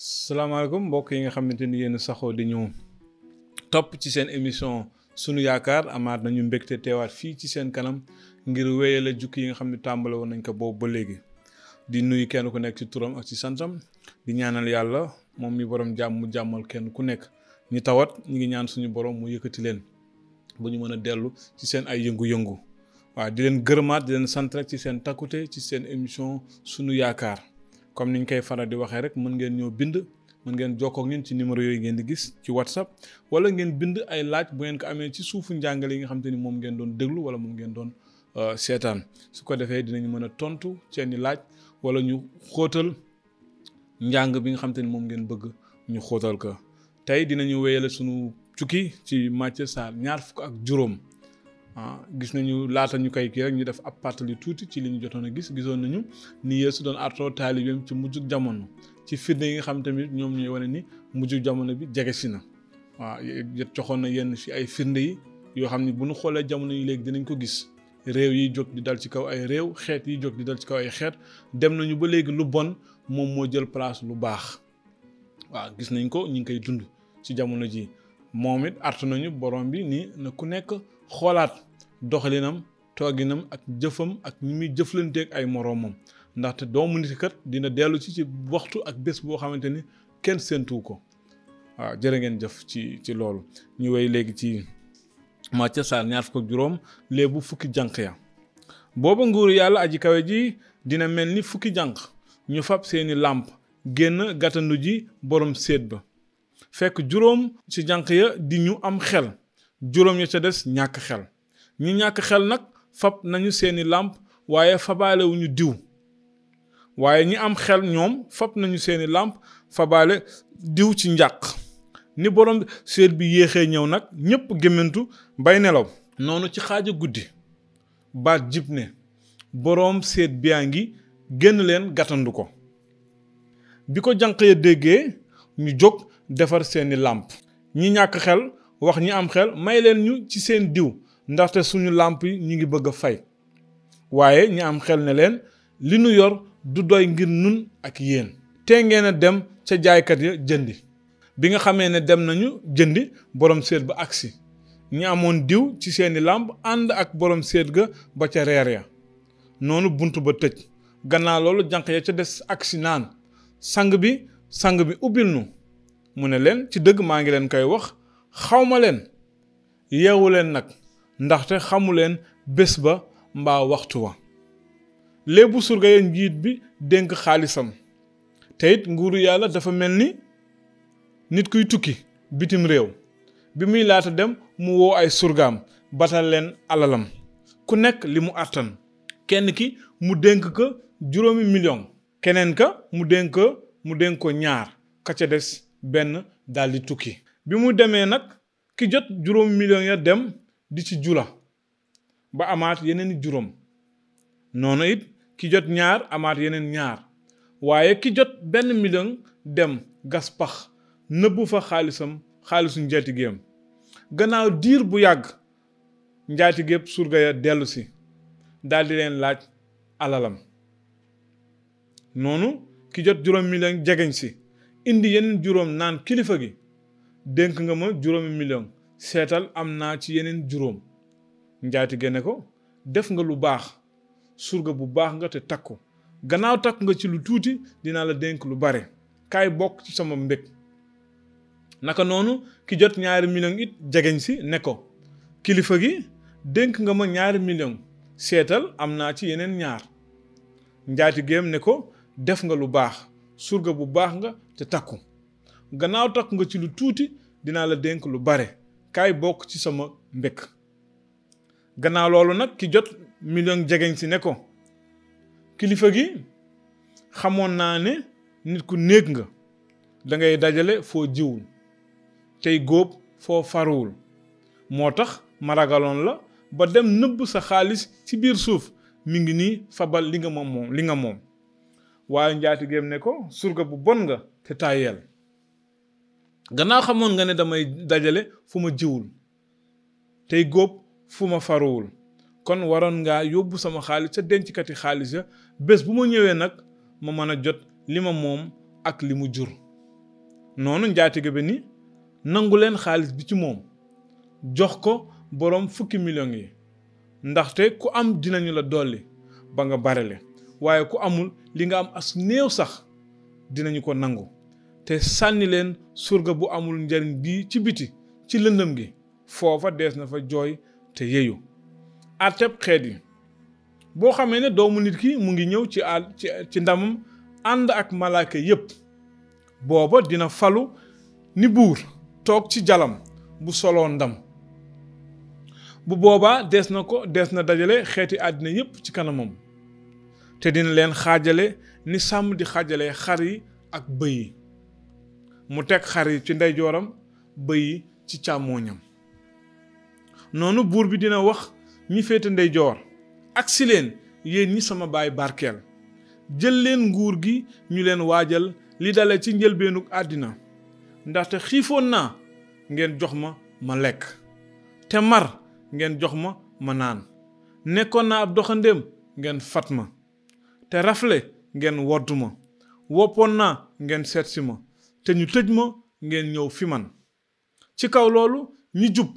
salaamaaleykum mbokk yi nga xamante ni yéen saxoo di ñu topp ci seen émission sunu yaakaar amaat nañu mbégte teewaat fii ci seen kanam ngir wéyale jukki yi nga xam ne tàmbale woon nañ ko boobu ba léegi di nuyu kenn ku nekk ci turam ak ci santam di ñaanal yàlla moom mi borom jàmm mu jàmmal kenn ku nekk ñu tawat ñu ngi ñaan suñu borom mu yëkkati leen bu ñu mën a dellu ci seen ay yëngu-yëngu waaw di leen gërëmaat di leen sant ci seen takkute ci seen émission sunu yaakaar. comme niñ koy faral di waxee rek mën ngeen ñoo bind mën ngeen jokkoo ngeen ci numéro yooyu ngeen di gis ci whatsapp wala ngeen bind ay laaj bu ngeen ko amee ci suufu njàngale yi nga xam te ni moom ngeen doon déglu wala moom ngeen doon euh, seetaan su ko defee dinañ mën a tontu seen laaj wala ñu xóotal njàng bi nga xam te ngeen bëgg ñu xóotal ko tey dinañu wéyale sunu cukki ci Matthieu Sarr ñaar fukk ak juróom ah gis nañu laata ñu koy kii rek ñu def ab pàttali tuuti ci li ñu jotoon a gis gisoon nañu ni Yeesu doon artoo taalibeem ci mujjug jamono ci firnde yi nga xam tamit ñoom ñooy wane ni mujjug jamono bi jege si na waaw joxoon na yenn fi ay firnde yi yoo xam ne bu ñu xoolee jamono yi léegi dinañ ko gis réew yi jóg di dal ci kaw ay réew xeet yi jóg di dal ci kaw ay xeet dem nañu ba léegi lu bon moom moo jël place lu baax waaw gis nañ ko ñu ngi koy dund ci jamono ji moom it artu nañu borom bi ni na ku nekk xoolaat. doxalinam tooginam ak jëfam ak mi jëflanteek ay moroomam ndaxte doomu nit kat dina dellu ci ci waxtu ak bés boo xamante ni kenn séentuwu ko waaw jërë ngeen jëf ci ci loolu ñu wéy léegi ci Macë saar ñaar fukk ak juróom léebu fukki jànq ya booba nguuru yàlla aji kawe ji dina mel ni fukki jànq ñu fab seeni làmp génn gàttandu ji boroom séet ba fekk juróom ci jànq ya di ñu am xel juróom ya ca des ñàkk xel ñu ñàkk xel nag fab nañu seeni làmp waaye fabaale wu diw waaye ñi am xel ñoom fab nañu seeni làmp fabaale diw ci njàq ni boroom seet bi yéexee ñëw nag ñépp gémmantu bay nelaw noonu ci xaaja guddi baat jib ne boroom seet biyaa ngi génn leen gàttandu ko bi ko janq ya déggee ñu jóg defar seeni làmp ñi ñàkk xel wax ñi am xel may leen ñu ci seen diw ndaxte suñu làmp yi ñu ngi bëgg a fay waaye ñu am xel ne leen li nu yor du doy ngir nun ak yéen tee ngeen a dem ca jaaykat ya jëndi bi nga xamee ne dem nañu jëndi borom seet ba agsi ñi amoon diw ci seeni làmp ànd ak borom seet ga ba ca reer ya noonu bunt ba tëj gannaaw loolu jànq ya ca des agsi naan sang bi sang bi ubbil nu mu ne leen ci dëgg maa ngi leen koy wax xawma leen yeewu leen nag ndaxte xamuleen bés ba mbaa waxtu wa léebu surgaya njiit bi dénk xaalisam te it nguuru yàlla dafa mel ni nit kuy tukki bitim réew bi muy laata dem mu woo ay surgaam batal leen alalam ku nekk li mu àttan kenn ki mu dénk ko juróomi million keneen ka mu dénk mu dénk ko ñaar ka ca des benn daldi tukki bi mu demee nag ki jot juróomi million ya dem di ci jula ba amaat yeneen juróom noonu it ki jot ñaar amaat yeneen ñaar waaye ki jot benn million dem gas pax nëbbu fa xaalisam xaalisu njaatigeem gannaaw diir bu yàgg njaatigéeb surga ya dellu daldi leen laaj alalam noonu ki jot juróom million jegeñ si indi yeneen juróom naan kilifa gi dénk nga ma juróomi million seetal am naa ci yeneen juróom njaatige ne ko def nga lu baax surga bu baax nga te takku gannaaw takku nga ci lu tuuti dinaa la dénk lu bare kaay bokk ci sama mbég naka noonu ki jot ñaari million it jegeñ si ne ko kilifa gi dénk nga ma ñaari million seetal am naa ci yeneen ñaar njaatigeem ne ko def nga lu baax surga bu baax nga te takku gannaaw takku nga ci lu tuuti dinaa la dénk lu bare kaay bokk ci sama mbékk gannaaw loolu nag ki jot million jegeñ si ne ko kilifa gi xamoon naa ne nit ku néeg nga dangay dajale foo jiwul tey góob foo faruwul moo tax ma ragaloon la ba dem nëbb sa xaalis ci biir suuf mi ngi nii fabal li nga moom li nga moom waaye njaatigéem ne ko surga bu bon nga te tàyyeel gannaaw xamoon nga ne damay dajale fu ma jiwul tey góob fu ma faruwul kon waroon ngaa yóbbu sama xaalis ca denckati xaalis ya bés bu ma ñëwee nag ma mën a jot li ma moom ak li mu jur noonu njaatige bi ni nangu leen xaalis bi ci moom jox ko boroom fukki millions yi ndaxte ku am dinañu la dolli ba nga barele waaye ku amul li nga am as néew sax dinañu ko nangu te sànni leen surga bu amul njariñ bii ci biti ci lëndëm gi foofa dees na fa jooy te yeyu àtteb xeet yi boo xamee ne doomu nit ki mu ngi ñëw ci àll ci ndamam ànd ak malaake yépp booba dina falu ni buur toog ci jalam bu soloo ndam bu booba dees na ko dees na dajale xeeti àddina yépp ci kanamam te dina leen xaajale ni sàmm di xaajale xar yi ak bëy mu teg xar ci ndeyjooram bëy yi ci càmmooñam noonu buur bi dina wax ñi féete ndeyjoor agsi leen yéen ñi sama baay barkeel jël leen nguur gi ñu leen waajal li dale ci njëlbeenug àddina ndaxte xiifoon naa ngeen jox ma ma lekk te mar ngeen jox ma ma naan nekkoon naa ab doxandéem ngeen fat ma te rafle ngeen wodd ma woppoon naa ngeen seetsi ma te ñu tëj ma ngeen ñëw fi man ci kaw loolu ñu jub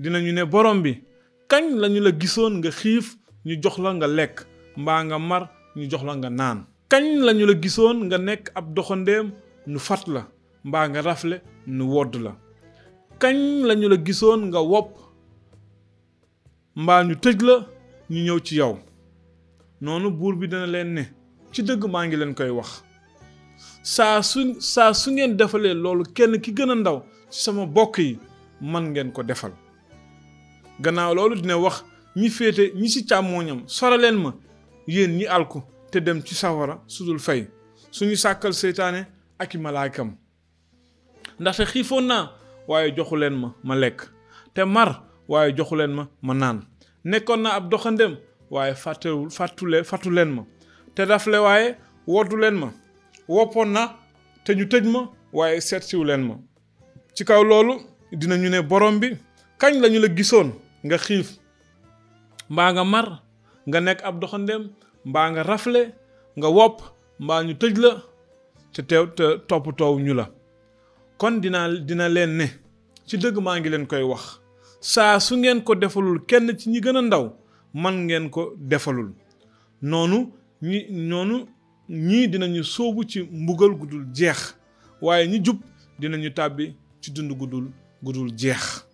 dinañu ne borom bi kañ lañu la gisoon nga xiif ñu jox la nga lekk mbaa nga mar ñu jox la nga naan kañ lañu la gisoon nga nekk ab doxandeem ñu fat la mbaa nga rafle nu wodd la kañ lañu la gisoon nga wopp mbaa ñu tëj la ñu ñëw ci yow noonu buur bi dina leen ne ci dëgg maa ngi leen koy wax saa su saa su ngeen defalee loolu kenn ki gën a ndaw sama bokk yi man ngeen ko defal gannaaw loolu dina wax ñi féete ñi ci càmmooñam soraleen ma yéen ñi alku te dem ci sawara sudul fay suñu sàkkal seytaane ak i malaakam ndaxte xiifoon naa waaye joxu leen ma ma lekk te mar waaye joxu leen ma ma naan nekkoon naa ab doxandem waaye fàttewul fàttule fàttu leen ma te dafle waaye woddu leen ma woppoon na te ñu tëj ma waaye seetsiwu leen ma ci kaw loolu dina ñu ne borom bi kañ lañu la gisoon nga xiif mbaa nga mar nga nekk ab doxandeem mbaa nga rafle nga wopp mbaa ñu tëj la te teew te toppatoow ñu la kon dina dina leen ne ci dëgg maa ngi leen koy wax saa su ngeen ko defalul kenn ci ñi gën a ndaw man ngeen ko defalul noonu ñi noonu ñii dinañu soobu ci mbugal gudul jeex waaye ñi jub dinañu tàbbi ci dund gudul gudul jeex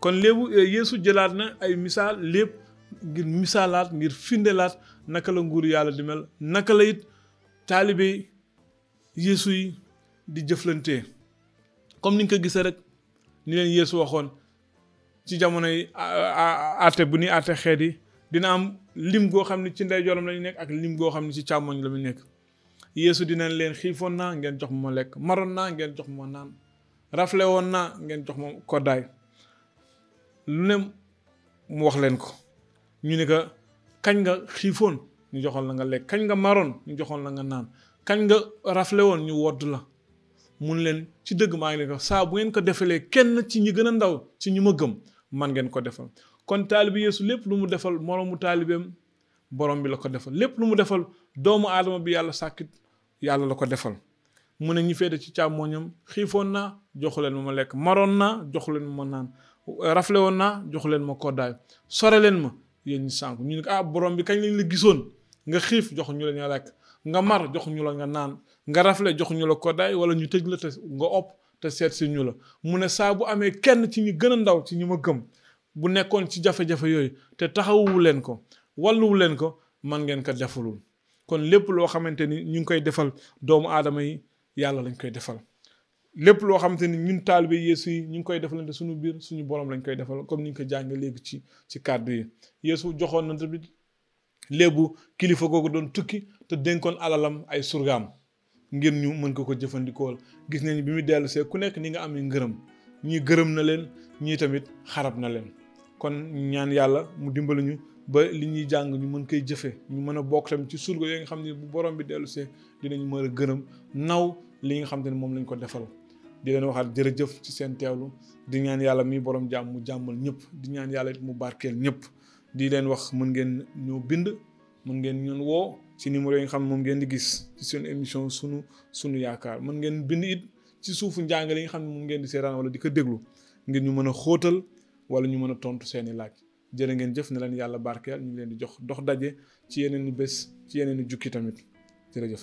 kon léebu eh, yeesu jëlaat na ay misaal lépp ngir misaalaat ngir findelaat naka la nguur yàlla di mel naka la it taalibe yeesu yi di jëflante comme ni nga ko gisee rek ni leen yeesu waxoon ci jamono jamonoy àtte bu ñuy àtte xeet dina am lim goo xam ne ci ndeyjooram lañu nekk ak lim goo xam ne ci càmmoñ la mu yesu yeesu len leen na naa ngeen jox ma lekk maroon naa ngeen jox ma naan rafle woon naa ngeen jox ma koddaay lu ne mu wax leen ko ñu ne ka kañ nga xiifoon ñu joxoon la nga lekk kañ nga maron ñu joxoon la nga naan kañ nga rafle woon ñu wodd la mun len ci dëgg ma ngi leen ko saa bu ngeen ko defalee kenn ci ñi gën ndaw ci ma gëm man ngeen ko defal kon taalibe yeesu lépp lu mu defal moroomu taalibeem borom bi la ko defal lépp lu mu defal doomu aadama bi yàlla sàkkit yàlla la ko defal mu ne ñi féete ci càmmooñam xiifoon naa joxu leen ma ma lekk maroon naa joxu leen ma ma naan rafle woon naa joxu leen ma koddaay sore leen ma yéen ñi sànku ñu ne ah borom bi kañ lañ la gisoon nga xiif joxu ñu la nga lekk nga mar joxu ñu la nga naan nga rafle joxu ñu la koddaay wala ñu tëj la te nga opp te seet si ñu la mu ne saa bu amee kenn ci ñi gën a ndaw ci ñi ma gëm bu nekkoon ci jafe-jafe yooyu te taxawuwu leen ko wàlluwu leen ko man ngeen ko defalul kon lépp loo xamante ni ñu ngi koy defal doomu aadama yi yàlla lañ koy defal lépp loo xamante ni ñun taalibe yeesu yi ñu ngi koy defalante suñu biir suñu borom lañ koy defal comme ni ko jàngee léegi ci ci kàddu yi yeesu joxoon na tamit léebu kilifa googu doon tukki te dénkoon alalam ay surgaam ngir ñu mën ko ko jëfandikool gis nañ bi muy dellu see ku nekk ni nga amee ngërëm ñii gërëm na leen ñii tamit xarab na leen kon ñaan yàlla mu dimbali ñu ba li ñuy jàng ñu mën koy jëfe ñu mën a bokk tamit ci surga yi nga xam ne bu borom bi dellu see dinañu mën a gërëm naw li nga xam ne moom lañ ko defal di leen waxaat jërëjëf ci seen teewlu di ñaan yàlla mi borom jàmm mu jàmmal ñëpp di ñaan yàlla mu barkeel ñëpp di leen wax mën ngeen ñoo bind mën ngeen ñun woo ci numéro yi nga xam moom ngeen di gis ci seen émission sunu sunu yaakaar mën ngeen bind it ci suufu njàng li nga xam ne moom ngeen di seetaan wala di ko déglu ngir ñu mën a xóotal wala ñu mën a tontu seeni laaj jërë ngeen jëf ne leen yàlla barkeel ñu leen di jox dox daje ci yeneen i bés ci yeneen i jukki tamit jërëjëf